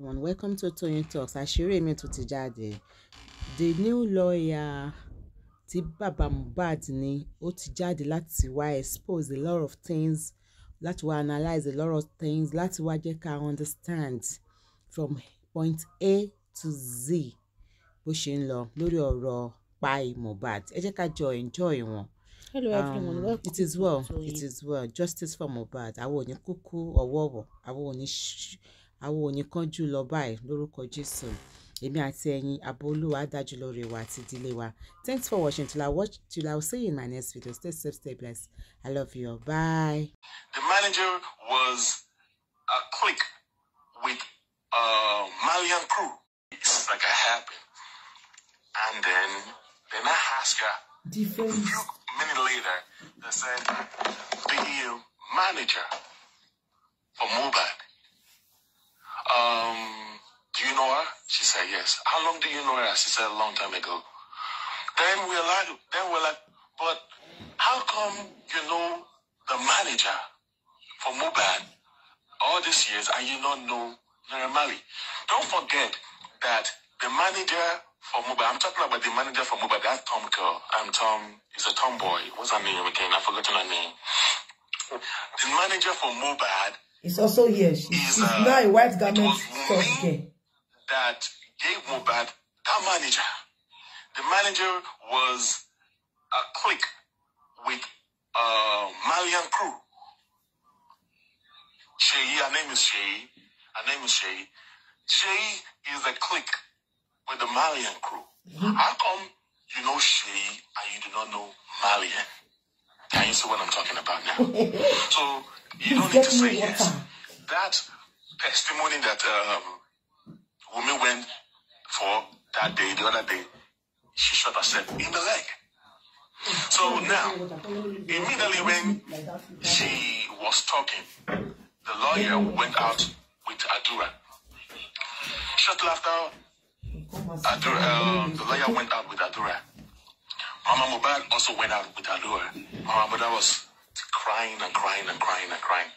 everyone, welcome to Toyeen Talks. Àṣírí mi tún ti jáde. The new lawyer tí bàbá Mohbad ní ó ti jáde láti wá expose a lot of things, láti wá analyse a lot of things, láti wá jẹ́ ká understand from point A to Z bó ṣe ń lọ lórí ọ̀rọ̀ Pai Mohbad. Ẹ jẹ́ ká jọ enjoy wọn. Hello um, everyone, um, welcome. It is well, it is well. Justice for Mohbad. Àwọn ò ní kúkú ọ̀wọ̀ọ̀wọ̀, àwọn ò ní ṣú àwọn ò ní kánjú lọ báyìí lórúkọ Jésù èmi àti ẹ̀yin abolúwa dájú lórí wa àti ìdílé wa thanks for watching till I watch till I see you in my next video stay safe stay blessed I love you bye. The manager was a uh, clique with a uh, Malian crew. It's like a happen, And then then I asked her Defense. a few minutes later they said the manager for Mobile um, do you know her? She said, yes. How long do you know her? She said, a long time ago. Then we're like, then we're like, but how come you know the manager for Mubad all these years and you not know Naramali? Don't forget that the manager for Mubad, I'm talking about the manager for Mubad, That's Tom girl. I'm Tom, he's a tomboy. What's her name again? I've forgotten her name. The manager for Mubad it's also here. She, is, she's uh, now a white garment shop girl. That gave bad. that manager. The manager was a clique with a uh, Malian crew. She, her name is Shay. Her name is Shay. Shay is a clique with the Malian crew. Mm-hmm. How come you know Shay and you do not know Malian? Can you see what I'm talking about now? so you don't need to say Yes. That testimony that um, woman went for that day, the other day, she shot herself in the leg. So now, immediately when she was talking, the lawyer went out with Adura. Shortly after, Adura, um, the lawyer went out with Adura. Mama Mubarak also went out with Adura. Mama Mubarak was crying and crying and crying and crying.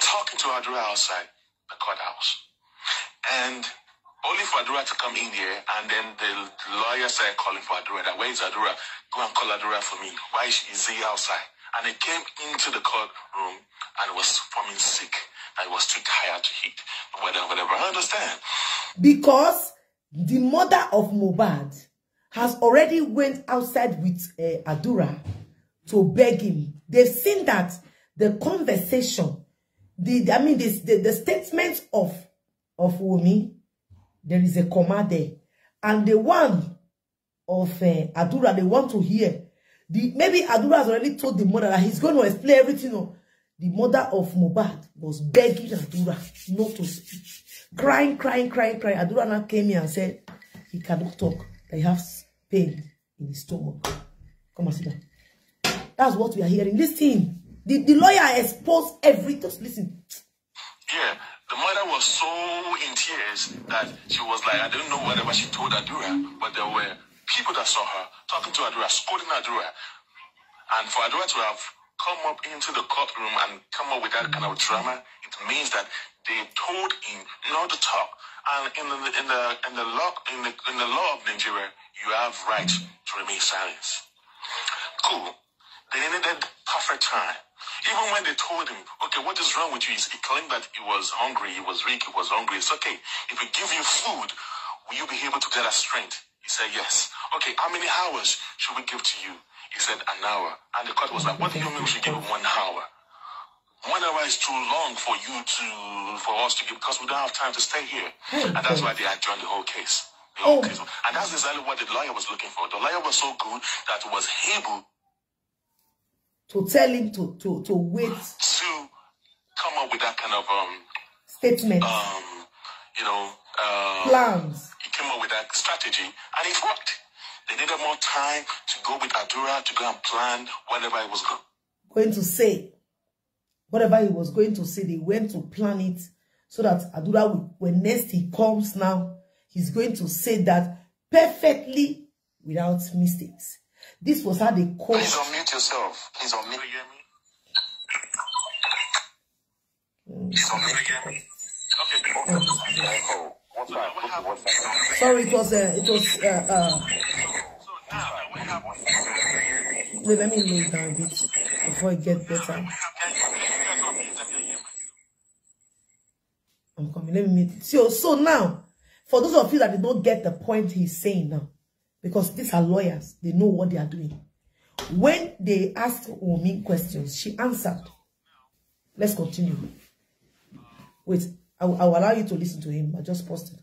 Talking to Adura outside the courthouse. And only for Adura to come in here, and then the lawyer started calling for Adura. That, Where's Adura? Go and call Adura for me. Why is he outside? And he came into the courtroom and was forming sick. I was too tired to eat. Whatever, whatever. I understand. Because the mother of Mobad has already went outside with uh, Adura to beg him They've seen that the conversation, the I mean, this, the, the statement of, of Wumi, there is a comma there. And the one of uh, Adura, they want to hear. The, maybe Adura has already told the mother that he's going to explain everything. No? The mother of Mobad was begging Adura not to speak. Crying, crying, crying, crying. Adura now came here and said, he cannot talk. He has pain in his stomach. Come and sit down. That's what we are hearing. Listen, the, the lawyer exposed everything. Listen. Yeah, the mother was so in tears that she was like, I don't know whatever she told Adura, but there were people that saw her talking to Adura, scolding Adura. And for Adura to have come up into the courtroom and come up with that kind of drama, it means that they told him not to talk. And in the in the in the law in the in the law of Nigeria, you have right to remain silent. Cool. They needed perfect time. Even when they told him, okay, what is wrong with you? He claimed that he was hungry, he was weak, he was hungry. It's okay. If we give you food, will you be able to get a strength? He said, yes. Okay, how many hours should we give to you? He said, an hour. And the court was like, what do you mean we should give him one hour? One hour is too long for you to, for us to give, because we don't have time to stay here. Hmm. And that's why they adjourned the whole case. The whole oh. case. And that's exactly what the lawyer was looking for. The lawyer was so good that was able to tell him to to to wait to come up with that kind of um statement. Um, you know, uh, plans. He came up with that strategy, and it worked. They needed more time to go with Adura to go and plan whatever he was go going to say. Whatever he was going to say, they went to plan it so that Adura, when next he comes now, he's going to say that perfectly without mistakes. This was how they called. Please unmute yourself. Please unmute. Sorry, it was uh, it was uh, uh Wait, let me lay down a bit before it gets better. I'm coming. Let me meet. So, so now, for those of you that did not get the point he's saying now, because these are lawyers. They know what they are doing. When they asked Wumi questions, she answered. Let's continue. Wait, I will, I will allow you to listen to him. I just posted.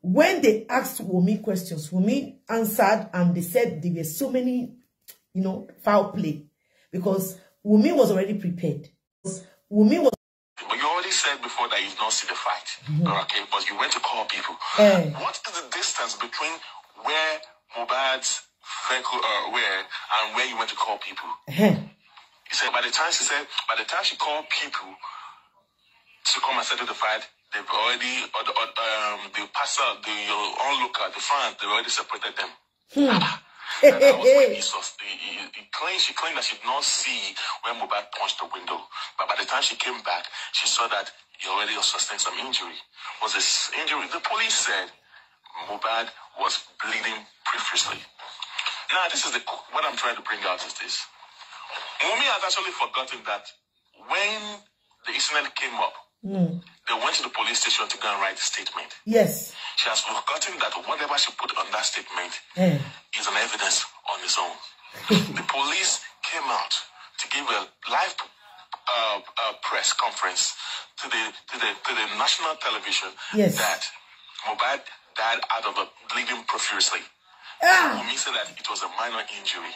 When they asked Wumi questions, Wumi answered and they said there were so many, you know, foul play. Because Wumi was already prepared. Wumi was said before that you did not see the fight. Mm -hmm. Okay, but you went to call people. Eh. What is the distance between where Mubad's clinical uh, where and where you went to call people. he said by the time she said by the time she called people to come and settle the fight, they've already or the or, um the passer, the your uh, onlooker, the fans, they've already separated them. Hmm. that was when he, saw, he, he, claimed she claimed that she did not see when Mubad punched the window. But by the time she came back, she saw that he already sustained some injury. Was this injury? The police said Mubad was bleeding profusely. Now, this is the what I'm trying to bring out is this. Mumi has actually forgotten that when the incident came up, mm. they went to the police station to go and write a statement. Yes. She has forgotten that whatever she put on that statement mm. is an evidence on its own. the police came out to give a live uh, uh, press conference to the, to the to the national television yes. that Mobad died out of a bleeding profusely. Yeah. Wumi said that it was a minor injury.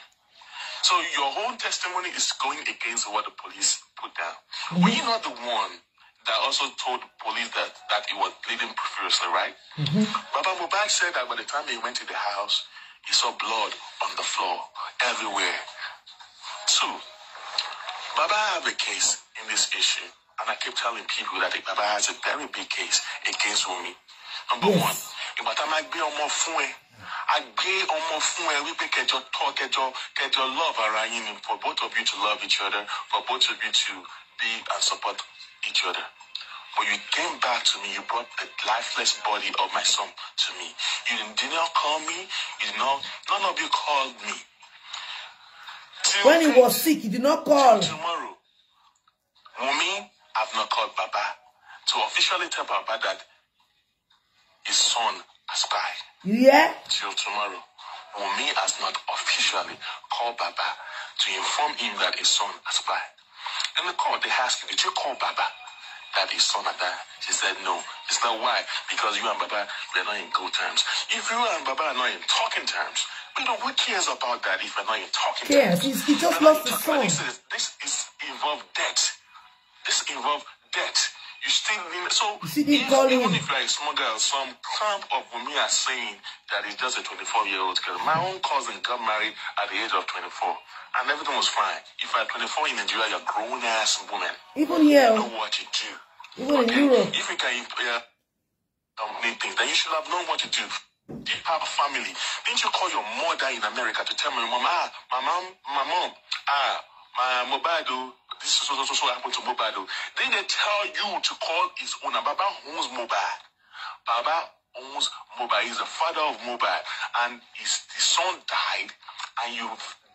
So your whole testimony is going against what the police put down. Yeah. Mm-hmm. Were you not the one that also told the police that, that it was bleeding profusely, right? Mm-hmm. Baba Mubarak said that by the time he went to the house, he saw blood on the floor everywhere. Two, Baba have a case in this issue. And I keep telling people that Baba has a very big case against Wumi. Number yes. one, ìgbà tá a máa gbé ọmọ fún ẹ a gbé ọmọ fún ẹ wípé kẹjọ tọ kẹjọ kẹjọ love ara yín ni for both of you to love each other for both of you to be and support each other. But you came back to me. You brought the lifeless body of my son to me. You did not call me. You did not. None of you called me. Till when he was sick, he did not call. Tomorrow, Wumi, I've not called Baba to officially tell Baba that his son a Yeah. Till tomorrow, Wunmi has not officially called Baba to inform him that his son has died. In the court, they asked did you call Baba that his son had died? She said, no. It's not why? Because you and Baba, we're not in good terms. If you and Baba are not in talking terms, you know, who cares about that if we're not in talking yes, terms? Yes, he just and lost his son. This is, this is involved debt. This involved debt. You still remember. So if, even if like small girls, some camp of women are saying that it's just a 24-year-old girl. My own cousin got married at the age of 24, and everything was fine. If you 24 in Nigeria, you're a grown-ass woman. Even here. You know what you do. Even okay? in Europe. If you can yeah, company anything, then you should have known what to do. You have a family. Didn't you call your mother in America to tell my mom, ah, my mom, my mom, ah, my mobile this is what also happened to mobile. then they tell you to call his owner baba owns mobile. baba owns mobile. he's the father of mobile, and his, his son died and you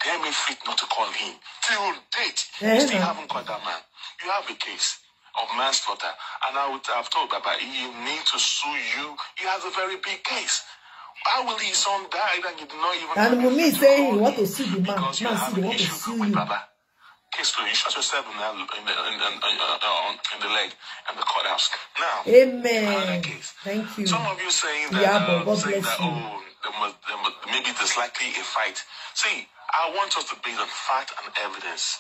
damn it fit not to call him till date you still haven't called that man you have a case of manslaughter and I would have told baba he need to sue you he has a very big case Why will his son die and you do not even? And Wunmi saying he want to sue the man. Man see the want to see you. Baba. kissed her. You shot yourself in the, in the, in, in, uh, uh in the leg and the courthouse. Now, Amen. Thank you. Some of you saying that, yeah, uh, saying that oh, there must, there must, maybe there's likely a fight. See, I want us to base on fact and evidence.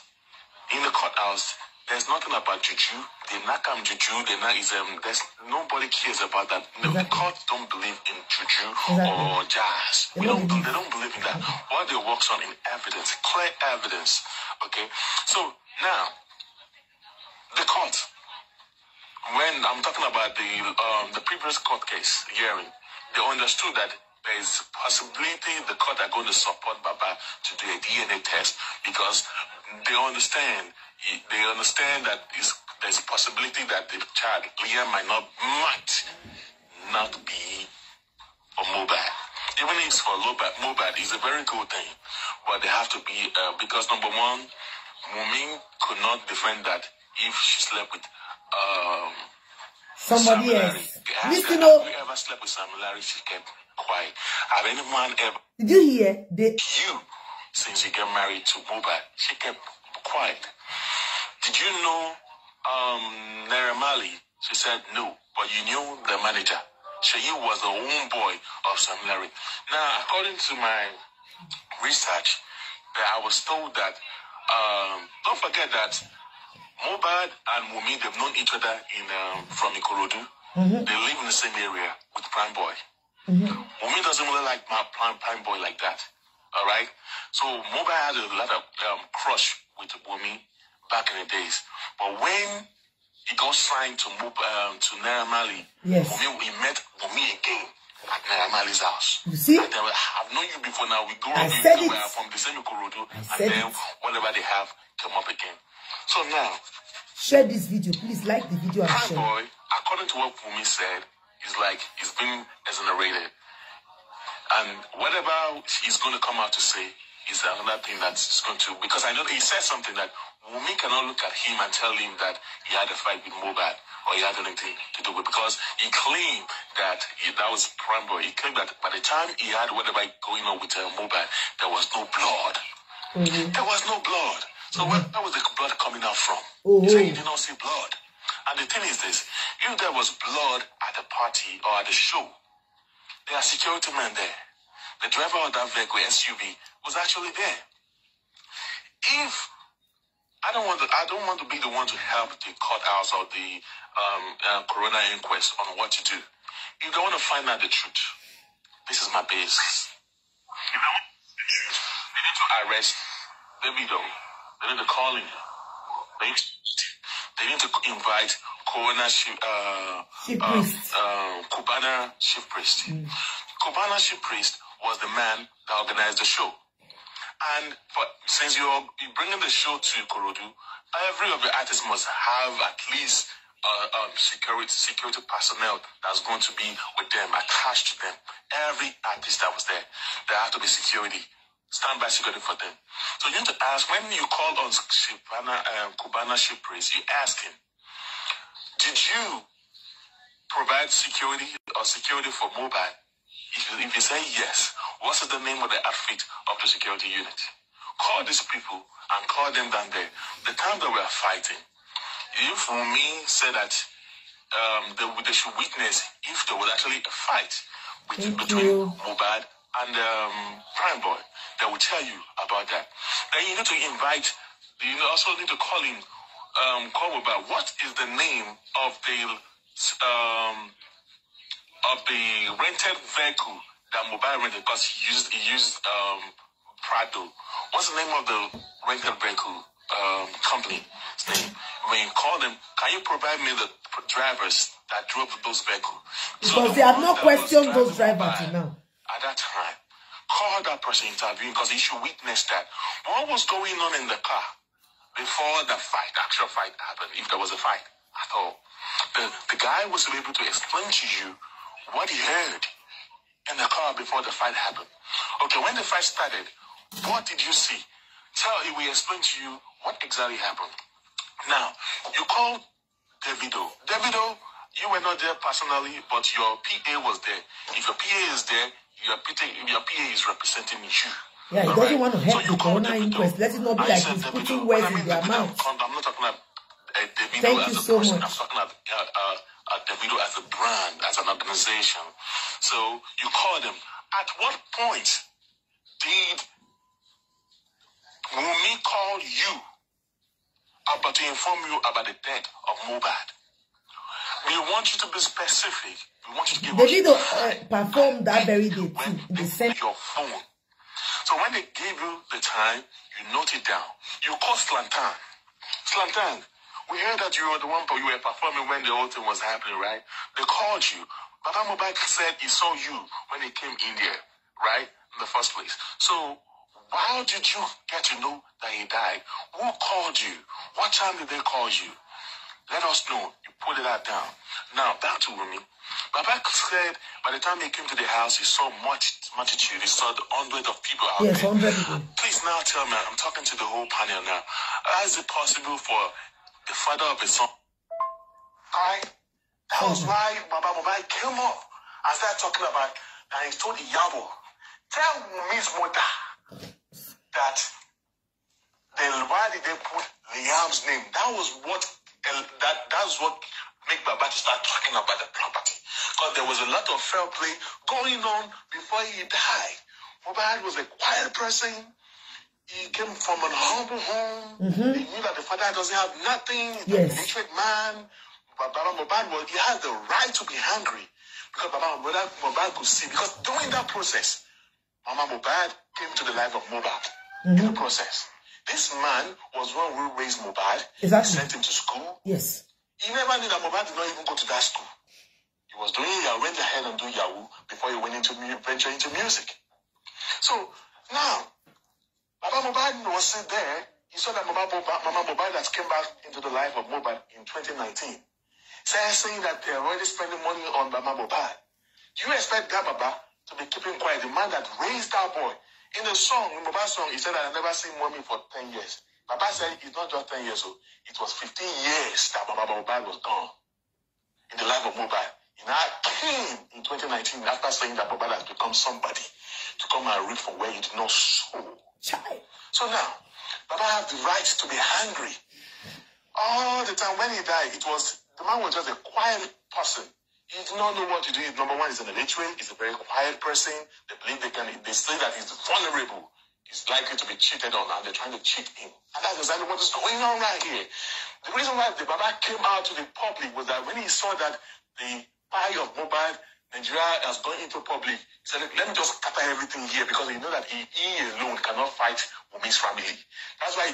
In the courthouse, there's nothing about juju. The Nakam juju, the na is um, there's nobody cares about that. No, exactly. courts don't believe in juju exactly. or jazz. They we don't. Believe. They don't believe in that. What they works on in evidence, clear evidence. Okay. So now, the court. When I'm talking about the um, the previous court case hearing, they understood that there is a possibility the court are going to support Baba to do a DNA test because they understand they understand that there's a possibility that the child Liam might not might not be a mobile. Even if it's for mobile, mobile is a very good thing, but they have to be uh, because number one, Mumin could not defend that if she slept with. Um, Somebody Samilari. else. Listen you know, have you ever slept with Larry, She kept quiet. Have anyone ever? Did you hear? Did You, since you got married to Mobile, she kept quiet. Did you know um, Naramali? She said, No, but you knew the manager. She was the homeboy of Sam Larry. Now, according to my research, I was told that, um, don't forget that Mobad and Mumi, they've known each other in um, from Ikorodu. Mm -hmm. They live in the same area with Prime Boy. Mm -hmm. Mumi doesn't really like my Prime, Prime Boy like that. All right? So Mobad has a lot of um, crush with Mumi back in the days. But when he got signed to move um, to Naramali, yes. we met Bumi again at Naramali's house. You see? I've known you before now. We grew up said from the same corridor, And then it. whatever they have come up again. So now. Share this video. Please like the video and share. boy, according to what Bumi said, it's like, he's been exonerated. And whatever he's going to come out to say is another thing that's going to, because I know he said something that Wumi cannot look at him and tell him that he had a fight with Mobad or he had anything to do with because he claimed that he, that was prambo. He claimed that by the time he had whatever going on with uh, Mobad, there was no blood. Mm -hmm. There was no blood. So mm -hmm. where, mm-hmm. where was the blood coming out from? Mm He said he did not see blood. And the thing is this, if there was blood at the party or at the show, there are security men there. The driver of that vehicle, SUV, was actually there. If I don't want to. I don't want to be the one to help the courthouse or the um, uh, corona inquest on what to do. You don't want to find out the truth. This is my business. You know, they need to arrest them. They need to call in. They need to, they need to invite Corona chief, uh, chief um, Uh, Cubana chief priest. Mm. chief priest was the man that organized the show. And for, since you're bringing the show to Korodu, every of the artists must have at least security security personnel that's going to be with them, attached to them. Every artist that was there, there had to be security, standby security for them. So you need to ask when you call on Shibana, uh, um, Kubana Shipris, you ask him, did you provide security or security for mobile? If you, if you say yes, what is the name of the outfit of the security unit? Call these people and call them down there. The time that we are fighting, if me said that um, they, they, should witness if there was actually a fight between, between Mubad and um, Prime Boy, they will tell you about that. Then you need to invite, you also need to call in, um, call Mubad. What is the name of the um, of the rented vehicle that Mobile rented because he used he used um, Prado. What's the name of the record breaker um, company? Name? When you call them, can you provide me the drivers that drove those vehicles? Because so the they have not questioned those drivers now. At that time, call that person interviewing because he should witness that. What was going on in the car before the fight, actual fight happened, if there was a fight at all? The, the guy was able to explain to you what he heard in the car before the fight happened. Okay, when the fight started, what did you see? Tell it, we explain to you what exactly happened. Now, you called Davido. Davido, you were not there personally, but your PA was there. If your PA is there, your PA, your PA is representing you. Yeah, he doesn't right? want to help so the corona inquest. Let it not be I like he's Davido. putting words I mean, in their mouth. I'm not talking about uh, Davido Thank as you a so person. Much. I'm talking about uh, uh, uh, that as a brand, as an organization. So you call them. At what point did Wumi call you about to inform you about the death of Mubad? We want you to be specific. We want you to give they did uh, perform that very day. They sent Your phone. So when they gave you the time, you note it down. You call Slantan. Slantan, we heard that you were the one, you were performing when the whole thing was happening, right? They called you. Baba Mubak said he saw you when he came in there, right? In the first place. So how did you get to know that he died? Who called you? What time did they call you? Let us know. You put that down. Now back to Rumi. Baba said by the time he came to the house, he saw much multitude. He saw the hundred of people out yes, there. Please now tell me, I'm talking to the whole panel now. How is it possible for the father of his son. I. That was why Baba Mubai came up and started talking about, and he told the Yabo, tell Miss Mother that the why did they put Liam's name? That was what, that, that's what make Baba to start talking about the property. Because there was a lot of fair play going on before he died. Mobile was a quiet person. He came from a humble home. Mm-hmm. He knew that the father doesn't have nothing. The yes. man. But Baba Mobad, well, he had the right to be hungry because Baba Mobad, Mobad could see. Because during that process, Mama Mobad came to the life of Mobad mm-hmm. in the mm-hmm. process. This man was one who raised Mobad. Exactly. He sent him to school. Yes. He never knew that Mobad did not even go to that school. He was doing Yahoo, went ahead and doing Yahoo before he went into venture into music. So now Baba Mobad was sent there. He saw that Mama Mama that came back into the life of Mobad in 2019. saying that they're already spending money on Mama Do you expect that Baba to be keeping quiet? The man that raised that boy. In the song, in Moba's song, he said, I've never seen mommy for 10 years. Baba said it's not just 10 years old. It was 15 years that Baba was gone in the life of Mobad. And I came in 2019 after saying that Baba has become somebody to come and read from where you did not sow. Child. So now, Baba have the right to be angry. All the time when he died, it was the man was just a quiet person. He did not know what to do. Number one, he's an illiterate, he's a very quiet person. They believe they can they say that he's vulnerable. He's likely to be cheated on, and they're trying to cheat him. And that's exactly what is going on right here. The reason why the Baba came out to the public was that when he saw that the pie of Mobile Nigeria has gone into public. So let me just scatter everything here because we know that he, he alone cannot fight Umi's family. That's why he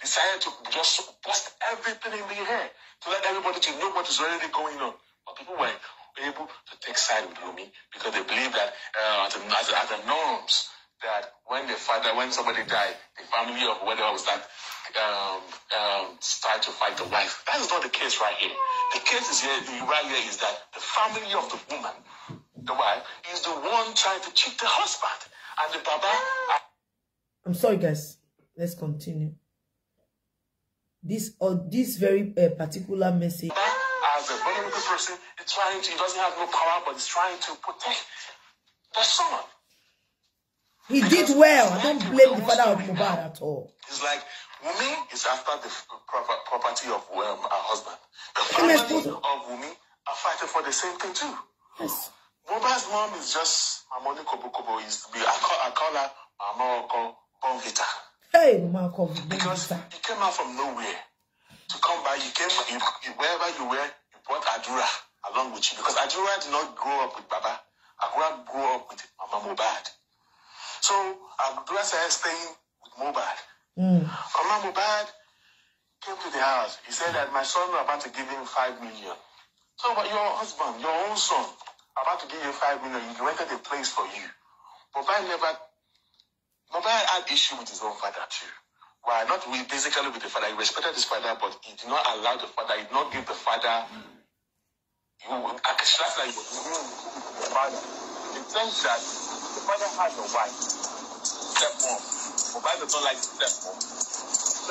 decided to just bust everything in the air to let everybody to know what is already going on. But people were able to take side with Umi because they believe that uh, as, as, as the norms that when the father, when somebody died, the family of whatever was that um, um, start to fight the wife. That is not the case right here. The case is here, right here is that the family of the woman the wife, is the one trying to cheat the husband. And the Baba... Ah. I'm sorry, guys. Let's continue. This or uh, this very uh, particular message... As a vulnerable person, it's trying to, he doesn't have no power, but he's trying to protect the son. He because did well. I don't blame the father of Mubarak at all. It's like, Wumi is after the proper, property of um, her husband. The family of Wumi are fighting for the same thing too. Yes. Mohbad's mom is just Mamoni Kobokobo. Is be I call I call her Mama Oko Bonvita. Hey, Mama Oko Bonvita. Because he came out from nowhere to come by. He came you, you, wherever you were. He brought Adura along with you because Adura did not grow up with Baba. Adura grew up with Mama Mohbad. So Adura started staying with Mohbad. Mm. Mama Mohbad came to the house. He said that my son was about to give him five million. So, but your husband, your own son, about to give you five million, you rented a place for you. Mobile never, Mobile had issue with his own father too. Well, not really basically with the father. He respected his father, but he did not allow the father, he did not give the father, you know, like, the sense that the father had a wife, Step stepmom. Mobile does not like step stepmom.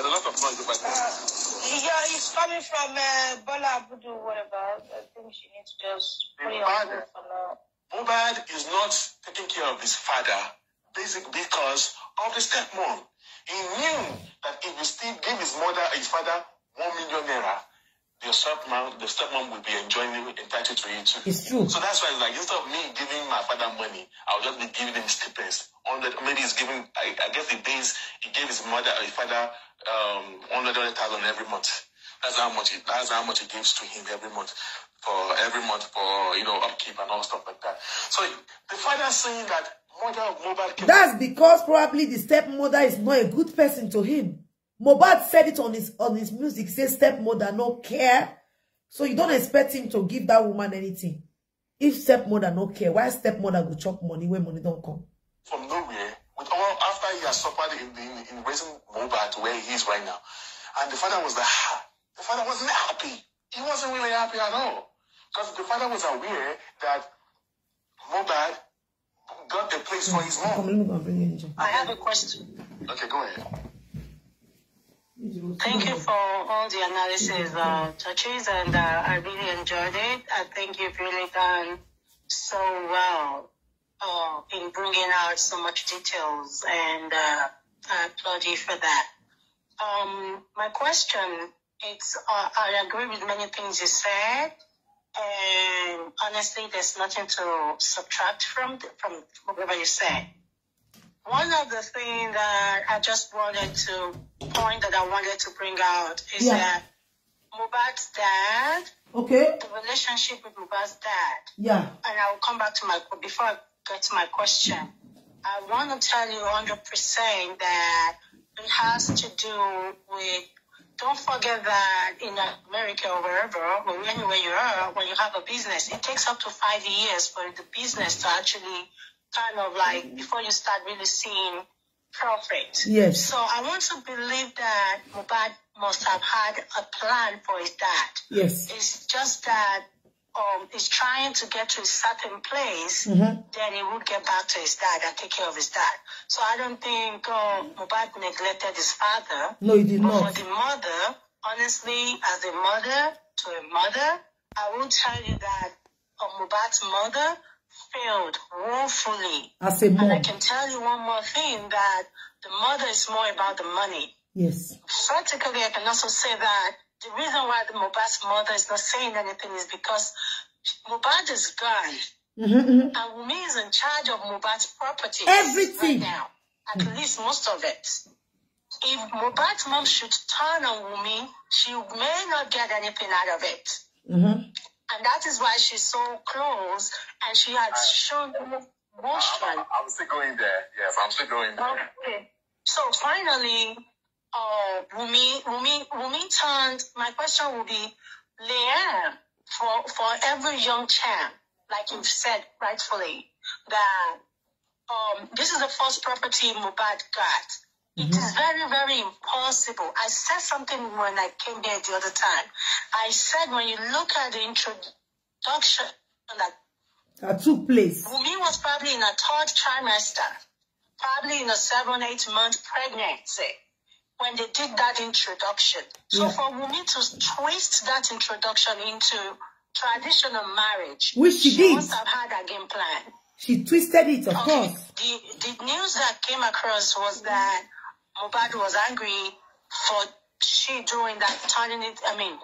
There's a lot of noise over there. Yeah, it's coming from uh, Bola Abudu, whatever. I think she needs to just put it on for now. Mubad is not taking care of his father basically because of the stepmom. He knew that if he still give his mother, his father, one million naira, your stepmom, the stepmom will be enjoying it, entitled to it too. It's true. So that's why it's like instead of me giving my father money, I'll just be giving him stipends. Hundred, maybe he's giving. I, I guess the days he gave his mother or his father um hundred thousand every month. That's how much. It, that's how much he gives to him every month for every month for you know upkeep and all stuff like that. So the father saying that mother of mobile. That's because probably the stepmother is not a good person to him. Mohbad said it on his on his music, say stepmother no care. So you don't expect him to give that woman anything. If stepmother no care, why stepmother go chop money when money don't come? From nowhere, with all after he has suffered in, in, in raising Mohbad to where he is right now, and the father was the ah, the father wasn't happy. He wasn't really happy at all because the father was aware that Mohbad got the place for his mom. I have a question. Okay, go ahead. Thank you for all the analysis, uh, touches, and uh, I really enjoyed it. I think you've really done so well uh, in bringing out so much details, and uh, I applaud you for that. Um, my question, it's uh, I agree with many things you said, and honestly, there's nothing to subtract from from whatever you said. One of the things that I just wanted to point that I wanted to bring out is yeah. that Mubad's dad, okay, the relationship with Mubad's dad. Yeah. And I will come back to my before I get to my question. I want to tell you 100% that it has to do with. Don't forget that in America or wherever, or anywhere you are, when you have a business, it takes up to five years for the business to actually kind of like mm. before you start really seeing profit. Yes. So I want to believe that Mubad must have had a plan for his dad. Yes. It's just that um, he's trying to get to a certain place, mm-hmm. then he would get back to his dad and take care of his dad. So I don't think uh, Mubad neglected his father. No, he did not. For the mother, honestly, as a mother to a mother, I will tell you that uh, Mubad's mother failed woefully. As a mom. And I can tell you one more thing that the mother is more about the money. Yes. Practically, I can also say that the reason why the Mubad's mother is not saying anything is because Mubad is gone. Mm-hmm, mm-hmm. And Wumi is in charge of Mubad's property. Everything. Right now. At mm-hmm. least most of it. If Mubad's mom should turn on Wumi, she may not get anything out of it. Mm-hmm. And that is why she's so close and she has I, shown emotion. I'm, I'm, still going there. Yes, I'm still going there. Okay. So finally, uh, Wumi, Wumi, Wumi turned, my question will be, Leanne, for, for every young champ, like you've said rightfully, that um, this is the first property Mubad got. It is very, very impossible. I said something when I came here the other time. I said when you look at the introduction that, that took place, Wumi was probably in a third trimester, probably in a seven, eight month pregnancy when they did that introduction. So yeah. for Wumi to twist that introduction into traditional marriage, which she, she did, must have had a game plan. She twisted it, of okay. course. The, the news that came across was that Mubad was angry for she doing that, turning it, I mean,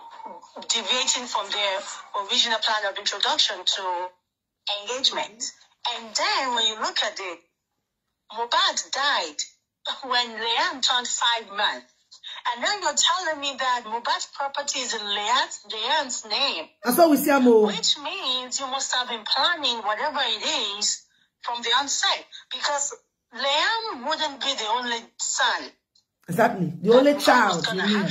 deviating from their original plan of introduction to engagement. Mm-hmm. And then when you look at it, Mubad died when Leanne turned five months. And now you're telling me that Mubad's property is in Leanne's, Leanne's name. That's what we see, Amo. Which means you must have been planning whatever it is from the onset. Because Liam wouldn't be the only son. Exactly. The only child. You mean.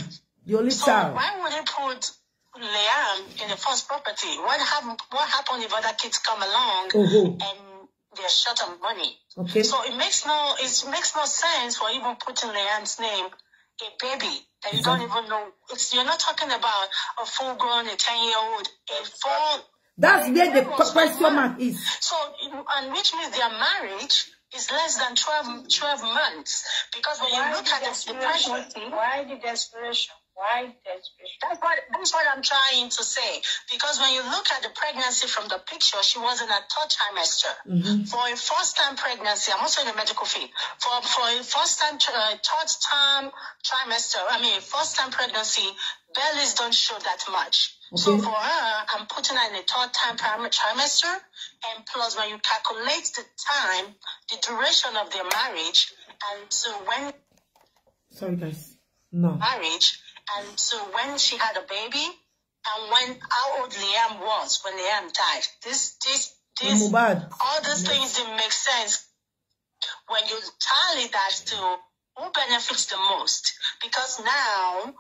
The only so child. Why would he put Liam in the first property? What happened what happened if other kids come along uh -huh. and they're short on money? Okay. So it makes no it makes no sense for even putting Liam's name a baby that you don't even know. It's you're not talking about a full grown, a ten year old, a full that's where the question mark is. So, and which means their marriage is less than 12, 12 months. Because when why you look at the depression, why the desperation? Why That's what, that's what I'm trying to say. Because when you look at the pregnancy from the picture, she was in a third trimester. Mm-hmm. For a first time pregnancy, I'm also in the medical field. For, for a first time, uh, third time trimester, I mean, first time pregnancy, bellies don't show that much. Okay. So for her, I'm putting her in a third time trimester. And plus, when you calculate the time, the duration of their marriage, and so when. Sorry, guys. No. Marriage and so when she had a baby, and when how old Liam was when Liam died, this this this all these things didn't make sense when you tally that to who benefits the most. Because now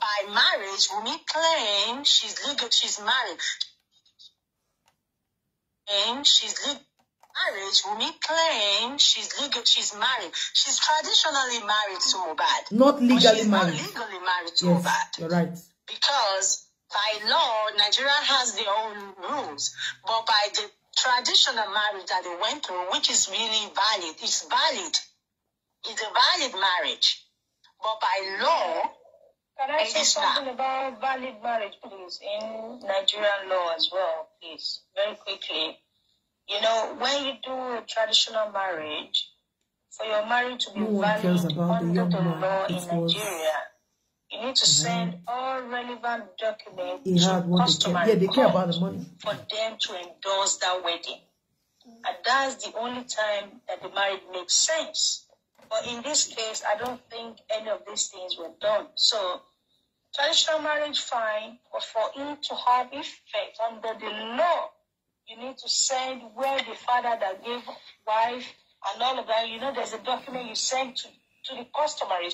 by marriage, Wumi claims she's legal, she's married. And she's legal marriage, Wumi claims she's legal, she's married. She's traditionally married to Mubad. Not legally married. Not legally married to yes, Mubad. You're right. Because by law, Nigeria has their own rules, but by the traditional marriage that they went through, which is really valid, it's valid. It's a valid marriage. But by law, can I say something about valid marriage, please, in Nigerian law as well, please, very quickly? You know, when you do a traditional marriage, for your marriage to be no valid under the, the law in Nigeria, you need to send mm -hmm. all relevant documents he to customary yeah, they care about the money. for them to endorse that wedding. And that's the only time that the marriage makes sense. But in this case, I don't think any of these things were done. So traditional marriage fine, but for it to have effect under the law you need to send where the father that gave wife and all of that. You know, there's a document you send to, to the customary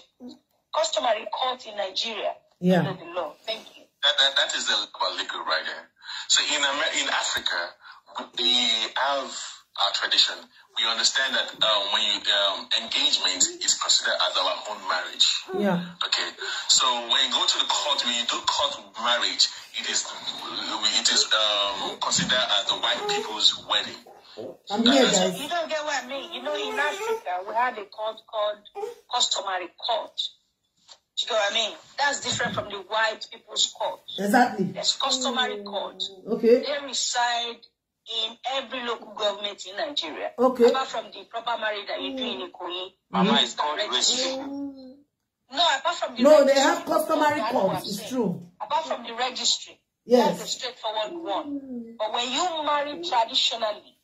customary court in Nigeria yeah. under the law. Thank you. That, that, that is the legal right there. So in in Africa, we have our tradition. We understand that um, when you um, engagement is considered as our own marriage. Yeah. But So when you go to the court, when you do court marriage, it is it is um, considered as the white people's wedding. I'm here, guys. You don't get what I mean. You know, in Africa, we had a court called customary court. Do you know what I mean? That's different from the white people's court. Exactly. There's customary court. Okay. They reside in every local government in Nigeria. Okay. Apart from the proper marriage that you do in Ikoyi. Mama is called registry. No, apart from the No, they have customary calls. It's true. Apart from the registry. Yes. That's a straightforward one. But when you marry traditionally,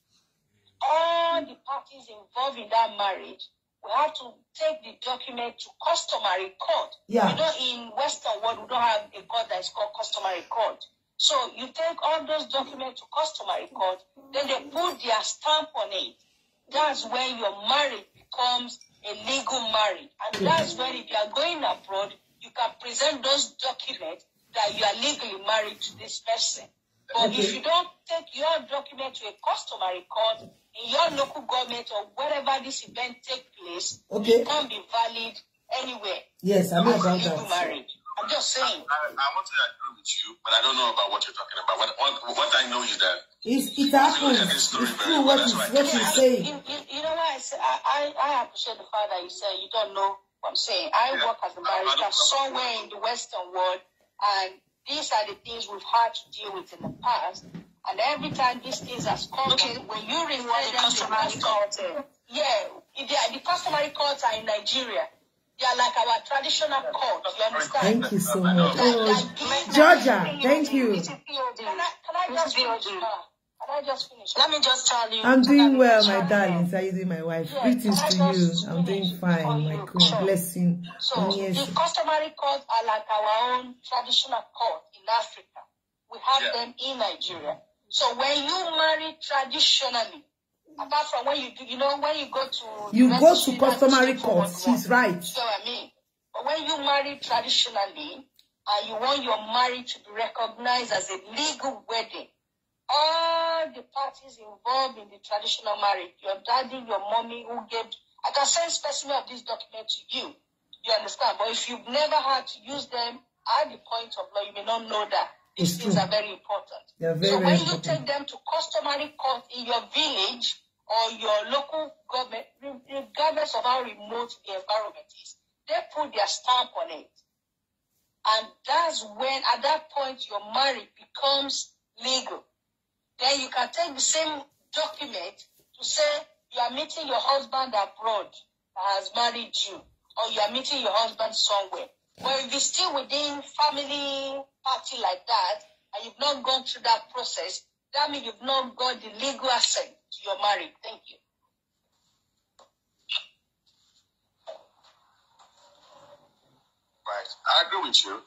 all the parties involved in that marriage we have to take the document to customary court. Yeah. You know, in Western world, we don't have a court that is called customary court. So you take all those documents to customary court, then they put their stamp on it. That's when your marriage becomes a legal marriage. And that's when if you are going abroad, you can present those documents that you are legally married to this person. But if you don't take your document to a customary court in your local government or wherever this event take place, okay. it can't be valid anywhere. Yes, I'm about that. Marriage. I'm just saying. I, I, I, want to agree with you, but I don't know about what you're talking about. What, what, what I know is that it's, it happens. It's true well. what, is, what he's yeah, saying. You, you, you, know what I, say, I, I, appreciate the fact that you say you don't know what I'm saying. I yeah. work as a barrister somewhere in the Western world, and these are the things we've had to deal with in the past. And every time these things are spoken, okay. when you refer them to customary court, yeah, the, the customary courts are in Nigeria are like our traditional court. You understand? Thank you so much. Oh, Georgia, thank you. Can I, can I just finish? I just finish? Let me just tell you. I'm doing well, my darling. How you doing, my wife? Yeah, Greetings to you. I'm doing fine, my queen. Sure. Blessing. So, yes. the customary courts are like our own traditional court in Africa. We have yeah. them in Nigeria. So when you marry traditionally, apart from when you do, you know, when you go to you go to customary court, she's right. So I mean, but when you marry traditionally and you want your marriage to be recognized as a legal wedding, all the parties involved in the traditional marriage, your daddy, your mommy, who gave, I can send specimen of this document to you. You understand? But if you've never had to use them at the point of law, you may not know that. These it's things true. are very important. Very so when important. you take them to customary court in your village, or your local government, regardless of how remote the environment is, they put their stamp on it. And that's when, at that point, your marriage becomes legal. Then you can take the same document to say you are meeting your husband abroad that has married you, or you are meeting your husband somewhere. But if you're still within family party like that, and you've not gone through that process, that means you've not got the legal assent you're married. Thank you. Right. I agree with you.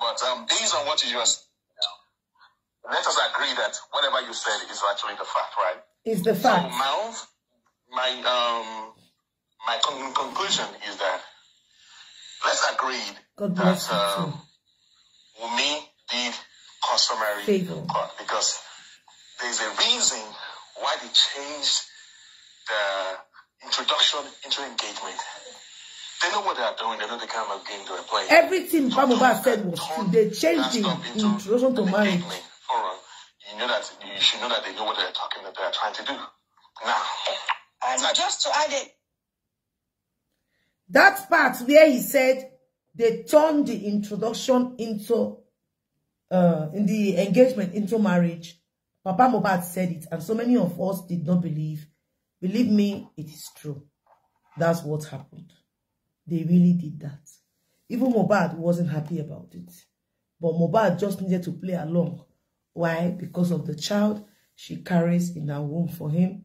But um, based on what you just you let us agree that whatever you said is actually the fact, right? Is the fact. So my, own, my, um, my con conclusion is that let's agree that um, Wumi did customary because there's a reason why they changed the introduction into engagement. They know what they are doing. They know the kind of game they are playing. Everything so Bamuba said was they changed the introduction to marriage. You know that you should know that they know what they are talking that they are trying to do. Now, and now just to add it. That part where he said they turned the introduction into uh in the engagement into marriage Papa Mobad said it, and so many of us did not believe. Believe me, it is true. That's what happened. They really did that. Even Mobad wasn't happy about it. But Mobad just needed to play along. Why? Because of the child she carries in her womb for him.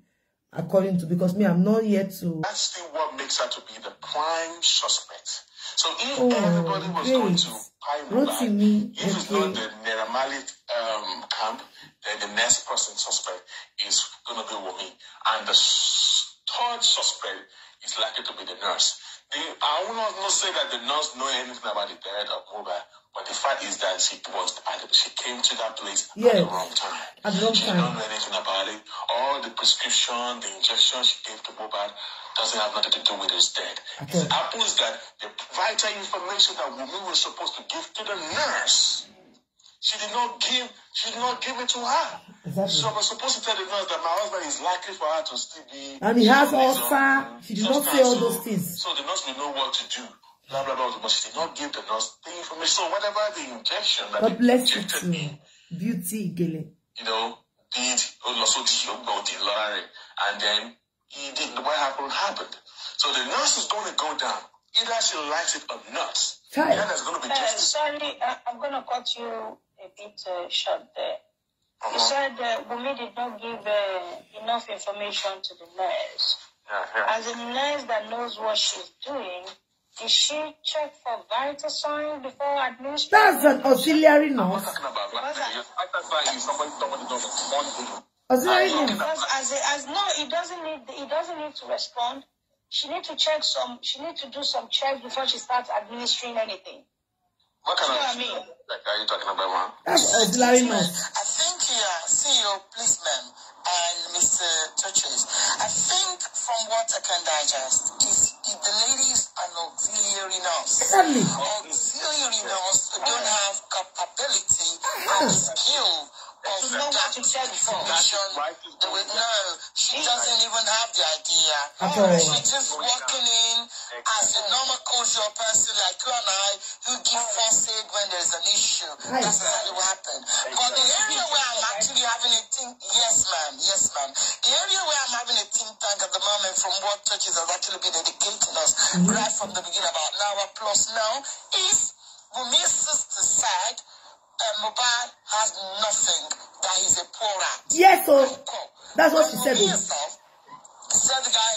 According to, because me, I'm not yet to... That's still what makes her to be the prime suspect. So if oh, everybody was great. going to Pine Mobad, if okay. it's not the Neramalit um, camp, then the next person suspect is going to be me, And the third suspect is likely to be the nurse. I will not, not say that the nurse know anything about the death of Mobile, but the fact is that she was she came to that place yes. at the wrong time. At the wrong she time. not know anything about it. All the prescription, the injection she gave to Mobile doesn't have nothing to do with his death. Okay. It happens that the vital information that we was supposed to give to the nurse she did not give. She did not give it to her. Exactly. So I was supposed to tell the nurse that my husband is likely for her to still be. And he has also. She did not say all those things. So the nurse did know what to do. Blah blah blah. But she did not give the nurse the information. So whatever the injection that God bless injected me, beauty Gele. You know, did also oh, did Larry, and then he did what happened happened. So the nurse is going to go down. Either she likes it or not. Child. That is going to be uh, justice. Sorry, uh, I'm going to cut you a bit uh, short there. You uh-huh. said uh, Bumi did not give uh, enough information to the nurse. Uh-huh. As a nurse that knows what she's doing, did she check for vital signs before administering? That's an auxiliary nurse. Auxiliary nurse. Because as, a, as no, it doesn't need it doesn't need to respond. She need to check some. She need to do some checks before she starts administering anything. What kind of mean? like are you talking about, man? That's a glaring man. I think yeah, CEO, please, ma'am, and Mr. Touches. I think from what I can digest is the ladies an auxiliary nurse. Exactly. Auxiliary nurse don't have capability ah, and skill to With no, she doesn't even have the idea. She's just walking in as a normal cultural person like you and I who give first aid when there's an issue. That's exactly what happened. But the area where I'm actually having a think, yes, ma'am, yes, ma'am. The area where I'm having a think tank at the moment from what churches have actually been educating us mm-hmm. right from the beginning about an hour plus now is Bumi's sister's side, uh, Mobile has nothing that he's a poor rat. Yes, so that's what she said. He said the guy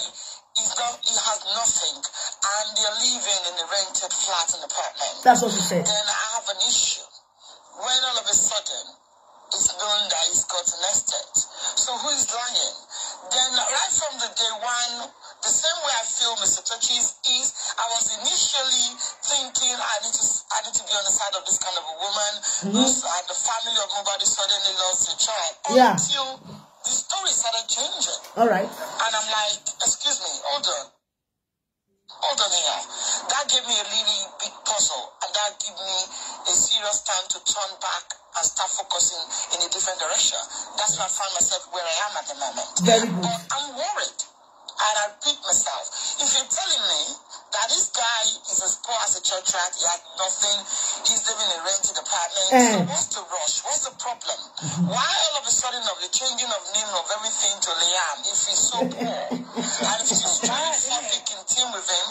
is not, he has nothing, and they're living in a rented flat and apartment. That's what she said. Then I have an issue when all of a sudden it's known that he's got an estate. So who is lying? Then right from the day one the same way I feel Mr. Touches is, I was initially thinking I need to I need to be on the side of this kind of a woman mm-hmm. who's and the family of nobody suddenly lost a child. Yeah. Until the story started changing. All right. And I'm like, excuse me, hold on. Hold on here. That gave me a really big puzzle, and that gave me a serious time to turn back and start focusing in a different direction. That's where I found myself where I am at the moment. Very good. But I'm worried and I repeat myself. If you're telling me that this guy is as poor as a church rat, he had nothing, he's living in a rented apartment, mm. Eh. so what's the rush? What's the problem? Mm-hmm. Why all of a sudden of the changing of name of everything to Liam if he's so poor? and if she's trying to a team with him,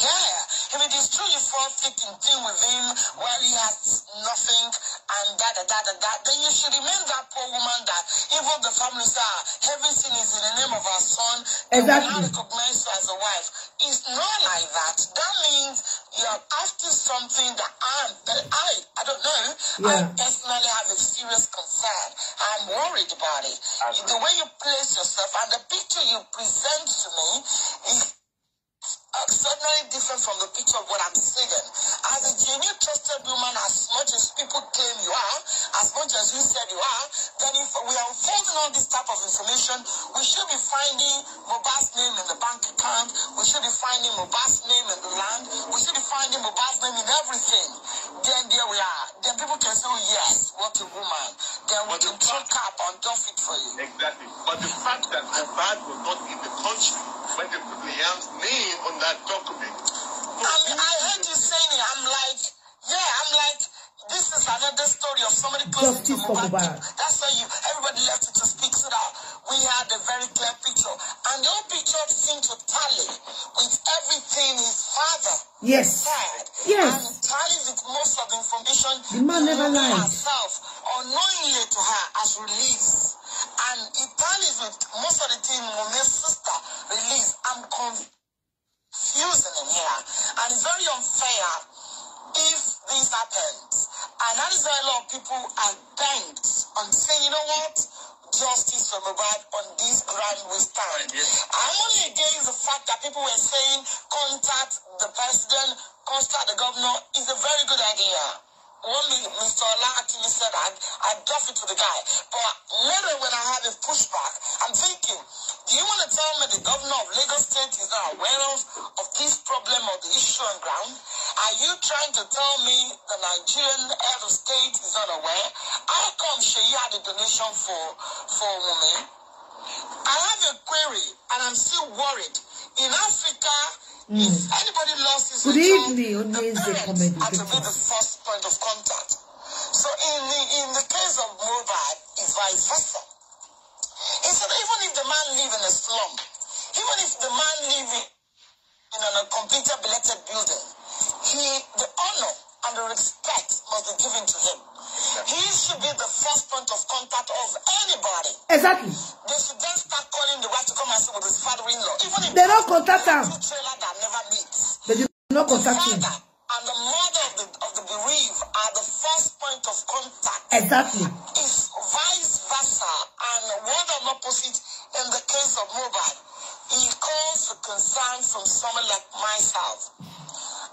yeah. If it is true you fall victim to with him while he has nothing and that, that, that, that, then you should remain that poor woman that even the family star ah, everything is in the name of our son. Exactly. They will recognize you as a wife. It's not like that. That means you're after something that I'm, that I, I don't know, yeah. I personally have a serious concern. I'm worried about it. The way you place yourself and the picture you present to me is extraordinarily different from the picture of what I'm seeing. As a genuine trusted woman, as much as people claim you are, as much as you said you are, then if we are unfolding all this type of information, we should be finding Mubad's name in the bank account, we should be finding Mubad's name in the land, we should be finding Mubad's name in everything. Then there we are. Then people can say, oh, yes, what a woman. Then we can the up and dump it for you. Exactly. But the fact that Mubad was not in the country when they put Liam's name on that document. I'm, I heard you saying it. I'm like, yeah, I'm like, this is another story of somebody closing to Mubarak. That's why you everybody left it to speak so that we had a very clear picture. And your picture seemed to tally with everything his father yes. said. Yes. And tallies with most of the information the man never lied. herself unknowingly to her as released. And it tallies with most of the things Mumi's sister released. I'm confusing him here. And it's very unfair if this happens. And that is why a lot of people are bent on saying, you know what? justice from abroad on this ground we stand. I'm only against the fact that people were saying contact the president, contact the governor is a very good idea one Mr. Olaatimi said I, I gave it to the guy. But later when I had a pushback, I'm thinking, do you want to tell me the governor of Lagos State is not aware of, of this problem or the issue on ground? Are you trying to tell me the Nigerian head of state is not aware? How come she had a donation for, for women? I have a query and I'm still worried. In Africa, Hmm. anybody lost his Good evening, the parents are to be the first point of contact. So in the, in the case of mobile, it's vice versa. He said, even if the man live in a slum, even if the man live in, in an, a completely belated building, he the honor and the respect must be given to him. He should be the first point of contact of anybody. Exactly. They should then start calling the wife to come and sit with his father-in-law. Even if they don't contact him. Trailer that never beats. They do not contact him. And the mother of the, of the bereaved are the first point of contact. Exactly. If vice versa and one of opposite in the case of mobile, he calls the concern from someone like myself.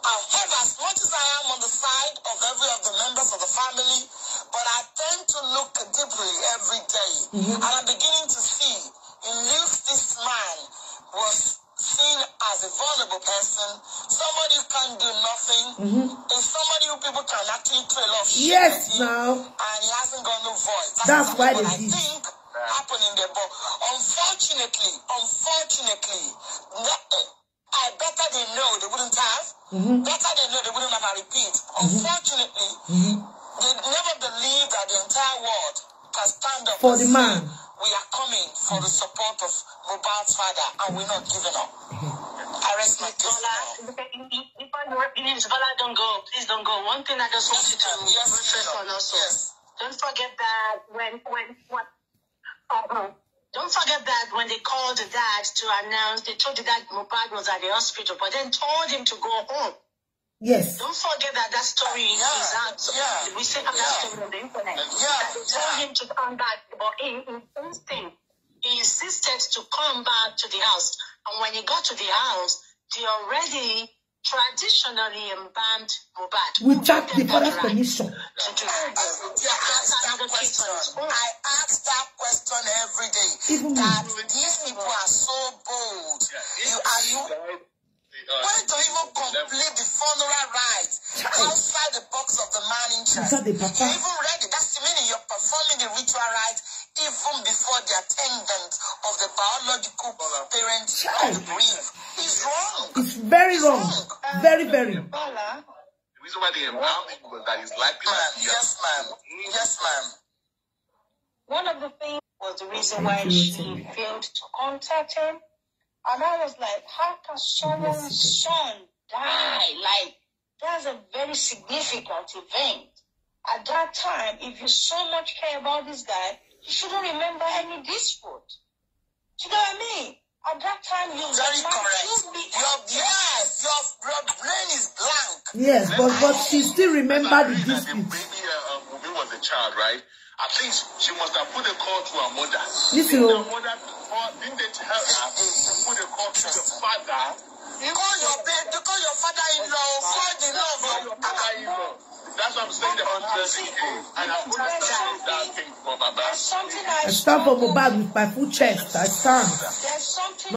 have as much as I am on the side of every of the members of the family, but I tend to look deeply every day. Mm-hmm. And I'm beginning to see in Luke this man was seen as a vulnerable person, somebody who can do nothing, mm-hmm. is somebody who people can actually trail off. Yes, now. And he hasn't got no voice. That's, That's why what I think happening there. But unfortunately, unfortunately, that, I better they know they wouldn't have. Mm-hmm. Better they know they wouldn't have. a repeat. Mm-hmm. Unfortunately, mm-hmm. they never believe that the entire world can stand up for the man. We are coming for the support of Mubarak's father, and we're not giving up. Mm-hmm. I rest my case. Before don't go. Please don't go. One thing I just want you to yes, refresh on also. Yes. Don't forget that when when what. Uh-huh. Don't forget that when they called dad to announce, they told dad Mubad was at the hospital, but then told him to go home. Yes. Don't forget that that story yeah. is out. Yeah. We still have yeah. that story on the internet. Yeah. That they told him to come back, but in, in instinct, he insisted to come back to the house. And when he got to the house, they already traditionally banned Mubad without the father's permission. To do. I ask that question every day. Even that these people are so bold. Yeah, you are you. Uh, Why do you even complete the funeral rites outside the box of the man in charge? You even read it. That's the meaning you're performing the ritual rites even before the attendance of the biological parents Child. of It's wrong. It's very wrong. Um, very, very. Bola. The reason why they empowerment was that it's yes, ma'am. Yes, ma'am. One of the things was the reason why she failed to contact him. And I was like, how can someone's son die? Like, that's a very significant event. At that time, if you so much care about this guy, You shouldn't remember any dispute. Do you know what I mean? At that time, you very correct. me. your, yes, your, your brain is blank. Yes, but but she still remembered the dispute. Baby, uh, um, was a child, right? At least she must have put a call to her mother. Listen, didn't oh. her mother call, didn't they tell her to put a call to the father? Call your, call your father-in-law, call the love call your father-in-law. That's what I'm saying. The understanding and understanding that thing for Baba. I stand for my Baba with my full chest. I stand.